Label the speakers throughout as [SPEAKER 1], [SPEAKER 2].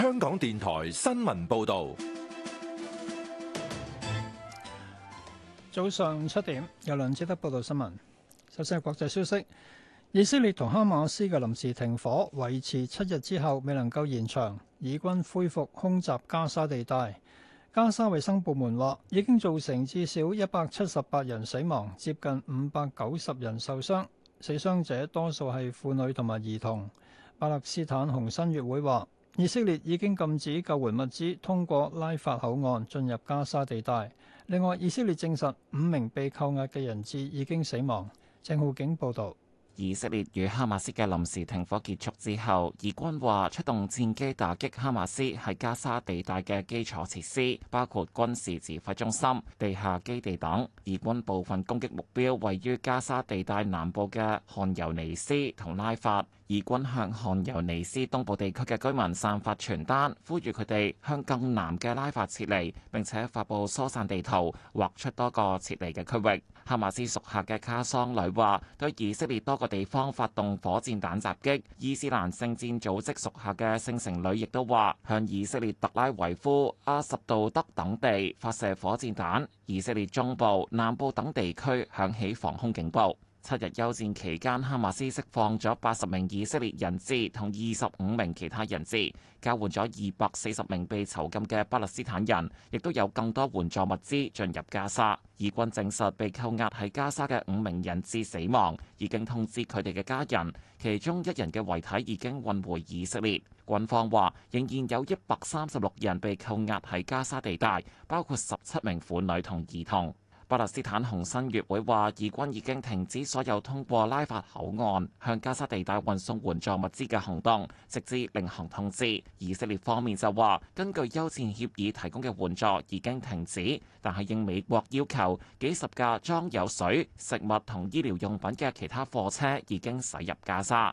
[SPEAKER 1] 香港電台新聞報道，早上七點，由梁志德報道新聞。首先係國際消息：以色列同哈馬斯嘅臨時停火維持七日之後，未能夠延長，以軍恢復空襲加沙地帶。加沙衛生部門話，已經造成至少一百七十八人死亡，接近五百九十人受傷，死傷者多數係婦女同埋兒童。巴勒斯坦紅新月會話，以色列已經禁止救援物資通過拉法口岸進入加沙地帶。另外，以色列證實五名被扣押嘅人質已經死亡。鄭浩景報道。
[SPEAKER 2] 以色列與哈馬斯嘅臨時停火結束之後，以軍話出動戰機打擊哈馬斯喺加沙地帶嘅基礎設施，包括軍事指揮中心、地下基地等。以軍部分攻擊目標位於加沙地帶南部嘅汗尤尼斯同拉法。以軍向汗尤尼斯東部地區嘅居民散發傳單，呼籲佢哋向更南嘅拉法撤離，並且發佈疏散地圖，劃出多個撤離嘅區域。哈馬斯屬下嘅卡桑旅話對以色列多個地方發動火箭彈襲擊，伊斯蘭聖戰組織屬下嘅聖城旅亦都話向以色列特拉維夫、阿什杜德等地發射火箭彈，以色列中部、南部等地區響起防空警報。七日休戰期間，哈馬斯釋放咗八十名以色列人質同二十五名其他人質，交換咗二百四十名被囚禁嘅巴勒斯坦人，亦都有更多援助物資進入加沙。以軍證實被扣押喺加沙嘅五名人質死亡，已經通知佢哋嘅家人，其中一人嘅遺體已經運回以色列。軍方話，仍然有一百三十六人被扣押喺加沙地帶，包括十七名婦女同兒童。巴勒斯坦紅新月會話，以軍已經停止所有通過拉法口岸向加沙地帶運送援助物資嘅行動，直至另行通知。以色列方面就話，根據休戰協議提供嘅援助已經停止，但係應美國要求，幾十架裝有水、食物同醫療用品嘅其他貨車已經駛入加沙。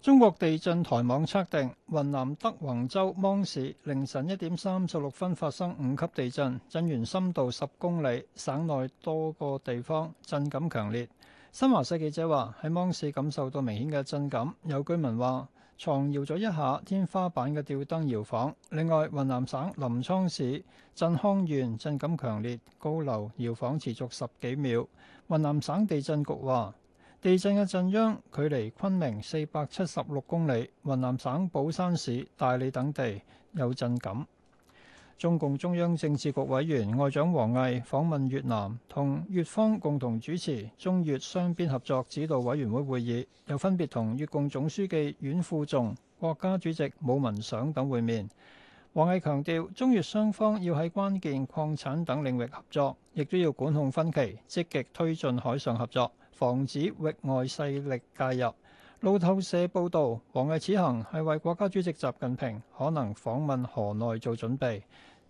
[SPEAKER 1] 中國地震台網測定，雲南德宏州芒市凌晨一點三十六分發生五級地震，震源深度十公里，省內多個地方震感強烈。新華社記者話喺芒市感受到明顯嘅震感，有居民話床搖咗一下，天花板嘅吊燈搖晃。另外，雲南省臨滄市鎮康縣震感強烈，高樓搖晃持續十幾秒。雲南省地震局話。地震嘅震央距離昆明四百七十六公里，雲南省保山市大理等地有震感。中共中央政治局委員外長王毅訪問越南，同越方共同主持中越雙邊合作指導委員會會議，又分別同越共總書記阮富仲、國家主席武文想等會面。王毅強調，中越雙方要喺關鍵礦產等領域合作，亦都要管控分歧，積極推進海上合作。防止域外勢力介入。路透社報導，王毅此行係為國家主席習近平可能訪問河內做準備。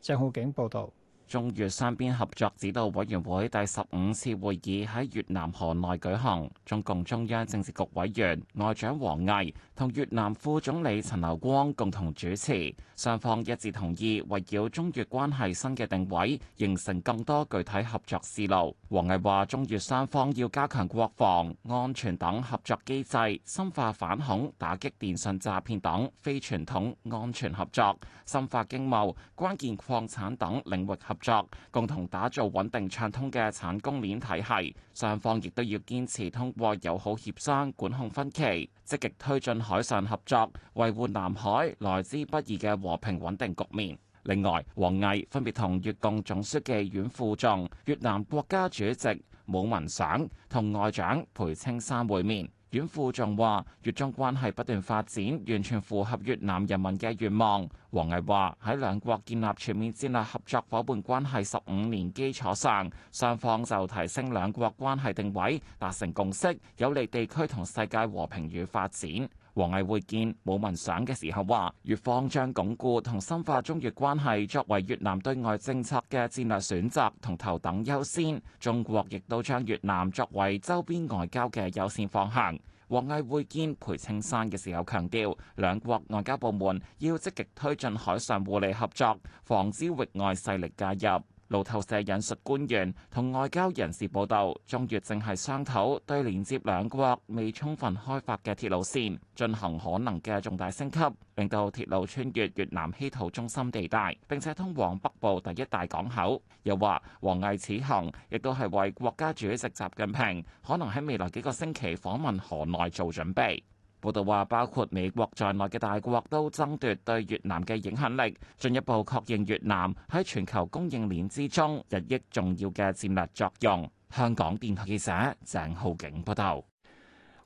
[SPEAKER 1] 鄭浩景報導。
[SPEAKER 2] 中越雙邊合作指導委員會第十五次會議喺越南河內舉行，中共中央政治局委員外長王毅同越南副總理陳流光共同主持，雙方一致同意圍繞中越關係新嘅定位，形成更多具體合作思路。王毅話：中越雙方要加強國防安全等合作機制，深化反恐、打擊電信詐騙等非傳統安全合作，深化經貿、關鍵礦產等領域合作。合作共同打造穩定暢通嘅產供鏈體系，雙方亦都要堅持通過友好協商管控分歧，積極推進海上合作，維護南海來之不易嘅和平穩定局面。另外，王毅分別同越共總書記阮富仲、越南國家主席武文賞同外長裴青山會面。阮富仲話：越中關係不斷發展，完全符合越南人民嘅願望。王毅話：喺兩國建立全面戰略合作伙伴關係十五年基礎上，雙方就提升兩國關係定位，達成共識，有利地區同世界和平與發展。王毅會見武文賞嘅時候話，越方將鞏固同深化中越關係作為越南對外政策嘅戰略選擇同頭等優先，中國亦都將越南作為周邊外交嘅優先方向。王毅會見裴青山嘅時候強調，兩國外交部門要積極推進海上互利合作，防止域外勢力介入。路透社引述官員同外交人士報道，中越正係商討對連接兩國未充分開發嘅鐵路線進行可能嘅重大升級，令到鐵路穿越越南稀土中心地帶，並且通往北部第一大港口。又話，王毅此行亦都係為國家主席習近平可能喺未來幾個星期訪問河內做準備。報道話，包括美國在內嘅大國都爭奪對越南嘅影響力，進一步確認越南喺全球供應鏈之中日益重要嘅戰略作用。香港電台記者鄭浩景報道。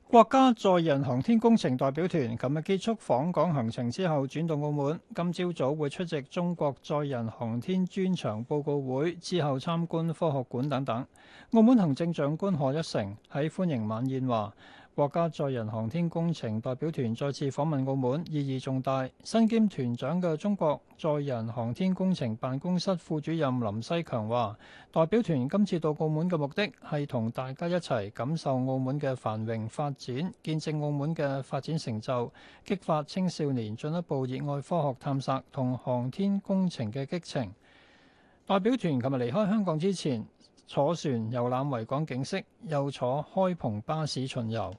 [SPEAKER 1] 國家載人航天工程代表團琴日結束訪港行程之後，轉到澳門，今朝早，早會出席中國載人航天專場報告會，之後參觀科學館等等。澳門行政長官賀一誠喺歡迎晚宴話。國家載人航天工程代表團再次訪問澳門，意義重大。身兼團長嘅中國載人航天工程辦公室副主任林西強話，代表團今次到澳門嘅目的係同大家一齊感受澳門嘅繁榮發展，見證澳門嘅發展成就，激發青少年進一步熱愛科學探索同航天工程嘅激情。代表團琴日離開香港之前，坐船遊覽維港景色，又坐開篷巴士巡遊。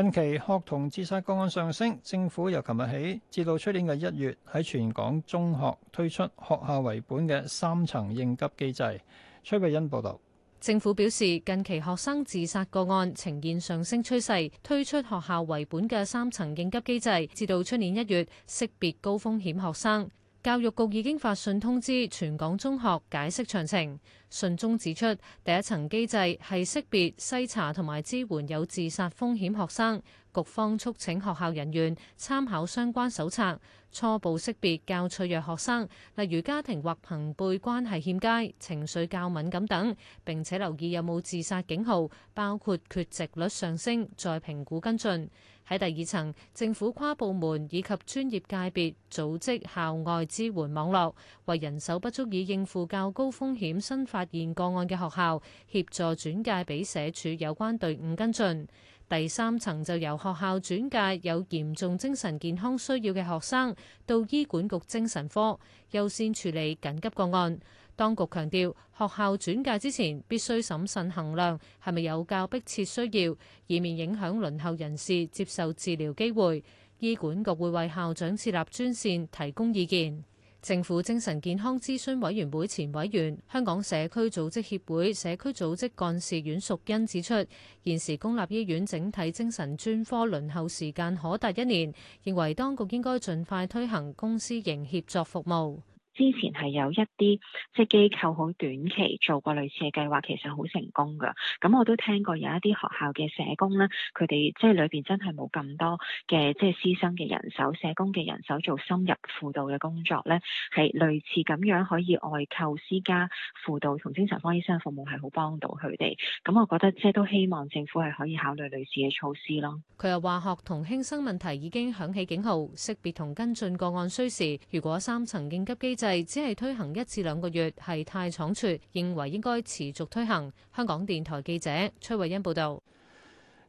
[SPEAKER 1] 近期學童自殺個案上升，政府由琴日起至到出年嘅一月，喺全港中學推出學校為本嘅三層應急機制。崔慧欣報道，
[SPEAKER 3] 政府表示近期學生自殺個案呈現上升趨勢，推出學校為本嘅三層應急機制，至到出年一月識別高風險學生。教育局已經發信通知全港中學解釋詳情，信中指出，第一層機制係識別、篩查同埋支援有自殺風險學生。局方促請學校人員參考相關手冊，初步識別較脆弱學生，例如家庭或朋輩關係欠佳、情緒較敏感等，並且留意有冇自殺警號，包括缺席率上升，再評估跟進。喺第二層，政府跨部門以及專業界別組織校外支援網絡，為人手不足以應付較高風險新發現個案嘅學校，協助轉介俾社署有關隊伍跟進。第三層就由學校轉介有嚴重精神健康需要嘅學生到醫管局精神科優先處理緊急個案。當局強調，學校轉介之前必須審慎衡量係咪有較迫切需要，以免影響輪候人士接受治療機會。醫管局會為校長設立專線提供意見。政府精神健康諮詢委員會前委員、香港社區組織協會社區組織幹事阮淑欣指出，現時公立醫院整體精神專科輪候時間可達一年，認為當局應該盡快推行公私營協作服務。之前係有一啲即係機構好短期做過類似嘅計劃，其實好成功噶，咁我都聽過有一啲學校嘅社工咧，佢哋即係裏邊真係冇咁多嘅即係師生嘅人手，社工嘅人手做深入輔導嘅工作咧，係類似咁樣可以外購私家輔導同精神科醫生嘅服務係好幫到佢哋。咁我覺得即係都希望政府係可以考慮類似嘅措施咯。佢又話，學童輕生問題已經響起警號，識別同跟進個案需時，如果三層應急機制嚟只係推行一至兩個月係太倉促，認為應該持續推行。香港電台記者崔慧欣報導。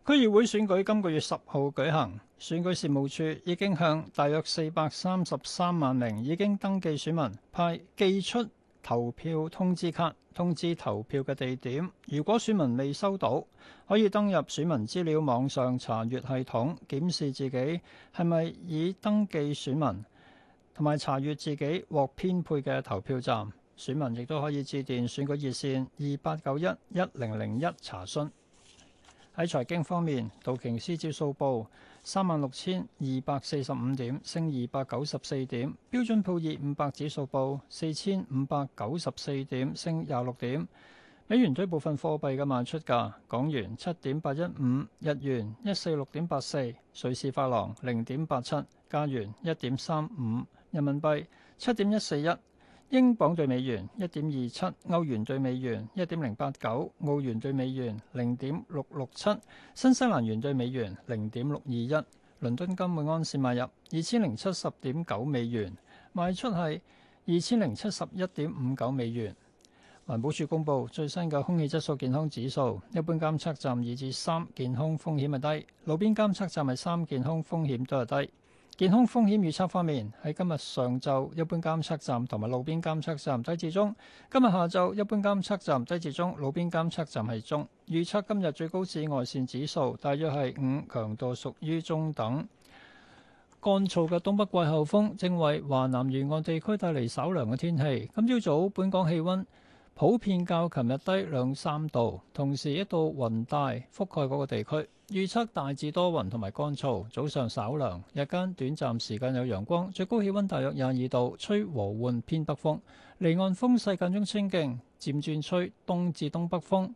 [SPEAKER 1] 區議會選舉今個月十號舉行，選舉事務處已經向大約四百三十三萬名已經登記選民派寄出投票通知卡，通知投票嘅地點。如果選民未收到，可以登入選民資料網上查閲系統，檢視自己係咪已登記選民。同埋查閱自己獲編配嘅投票站，選民亦都可以致電選舉熱線二八九一一零零一查詢。喺財經方面，道瓊斯指數報三萬六千二百四十五點，升二百九十四點；標準普爾五百指數報四千五百九十四點，升廿六點。美元對部分貨幣嘅賣出價：港元七點八一五，日元一四六點八四，瑞士法郎零點八七，加元一點三五。人民幣七點一四一，英鎊對美元一點二七，歐元對美元一點零八九，澳元對美元零點六六七，新西蘭元對美元零點六二一。倫敦金每安士買入二千零七十點九美元，賣出係二千零七十一點五九美元。環保署公布最新嘅空氣質素健康指數，一般監測站二至三健康風險係低，路邊監測站係三健康風險都係低。健康風險預測方面，喺今日上晝一般監測站同埋路邊監測站低至中；今日下晝一般監測站低至中，路邊監測站係中。預測今日最高紫外綫指數大約係五，強度屬於中等。乾燥嘅東北季候風正為華南沿岸地區帶嚟稍涼嘅天氣，今朝早本港氣溫。普遍較琴日低兩三度，同時一道雲帶覆蓋嗰個地區。預測大致多雲同埋乾燥，早上稍涼，日間短暫時間有陽光，最高氣温大約廿二度，吹和緩偏北風。離岸風勢間中清勁，漸轉吹東至東北風。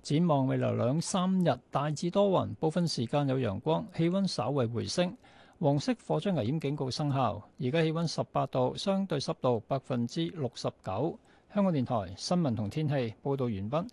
[SPEAKER 1] 展望未來兩三日大致多雲，部分時間有陽光，氣温稍為回升。黃色火災危險警告生效，而家氣温十八度，相對濕度百分之六十九。香港電台新聞同天氣報道完畢。